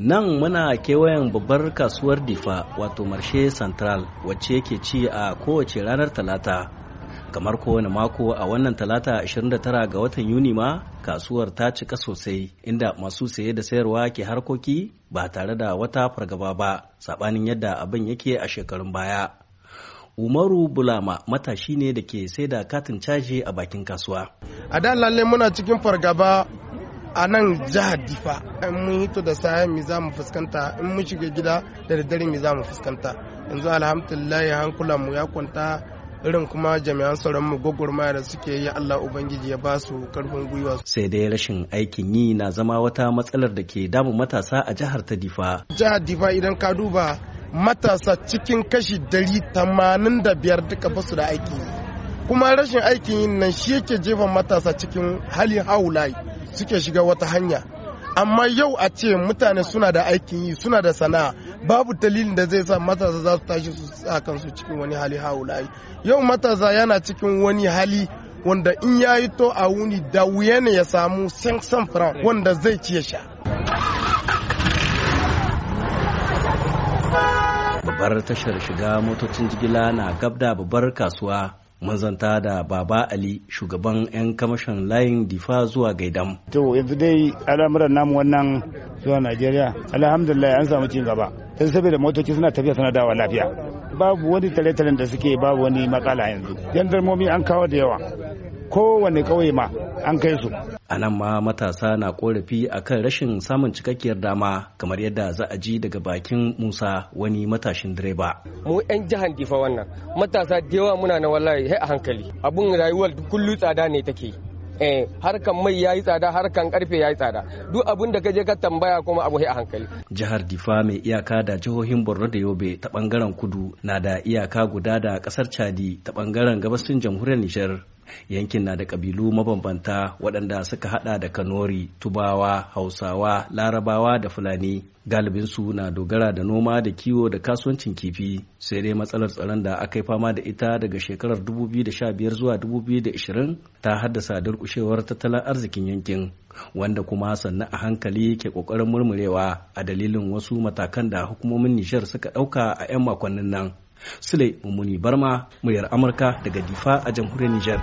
Nan muna kewayen babbar kasuwar Difa wato Marshe Central wacce ke ci a kowace ranar Talata. Kamar kowane mako a wannan Talata 29 ga watan Yuni ma kasuwar ta cika sosai inda masu saye da sayarwa ke harkoki ba tare da wata fargaba ba sabanin yadda abin yake a shekarun baya. Umaru Bulama matashi ne da ke sai da katin caji a bakin kasuwa. A da lalle muna cikin fargaba a nan jihar difa in mun hito da safe mi za mu fuskanta in mun shiga gida da daddare mi za mu fuskanta yanzu alhamdulillah hankula mu ya kwanta irin kuma jami'an tsaron mu gwagwarmaya da suke yi Allah Ubangiji ya ba su karfin gwiwa. Sai dai rashin aikin yi na zama wata matsalar da ke damun matasa a jihar ta Difa. Jihar Difa idan ka duba matasa cikin kashi dari tamanin da biyar duka su da aiki. Kuma rashin aikin yin nan shi yake jefa matasa cikin hali haulayi. suke shiga wata hanya amma yau a ce mutane suna da aikin yi suna da sana'a babu dalilin da zai sa matasa za su tashi su sa kansu cikin wani hali haulayi yau matasa yana cikin wani hali wanda in ya yi to a wuni da wuya ne ya samu san fran wanda zai ci sha babbar tashar shiga motocin jigila na gabda babbar kasuwa Manzanta da baba ali shugaban 'yan kamashin layin difa zuwa gaidam to yanzu dai al'amuran namu wannan zuwa najeriya alhamdulillah an samu cin gaba sai saboda motoci suna tafiya suna dawa lafiya babu wani tare-taren da suke babu wani matsala yanzu yan darmomi an kawo da yawa kowane ƙauye ma an kai su a nan ma matasa na korafi kan rashin samun cikakkiyar dama kamar yadda za a ji daga bakin musa wani matashin direba mu yan jihar difa wannan matasa dewa muna na wallahi a hankali abun rayuwar kullu tsada ne take eh harkan mai yi tsada harkan karfe ya yi tsada duk abin da je ka tambaya kuma abu a hankali jihar Difa mai iyaka da jihohin Borno da Yobe ta bangaren kudu na da iyaka guda da kasar Chadi ta bangaren gabasin jamhuriyar Nijar yankin na da ƙabilu mabambanta waɗanda suka hada da kanori tubawa hausawa larabawa da fulani galibinsu na dogara da noma da kiwo da kasuwancin kifi sai dai matsalar tsaron da aka yi fama da ita daga shekarar 2015 zuwa 2020 ta haddasa durkushewar tattalin arzikin yankin wanda kuma sannan a hankali ke kokarin murmurewa a dalilin wasu matakan da hukumomin nishar suka ɗauka a 'yan makonnin nan Sule Mummuni Barma, muryar Amurka daga Difa a jamhuriyar Nijar.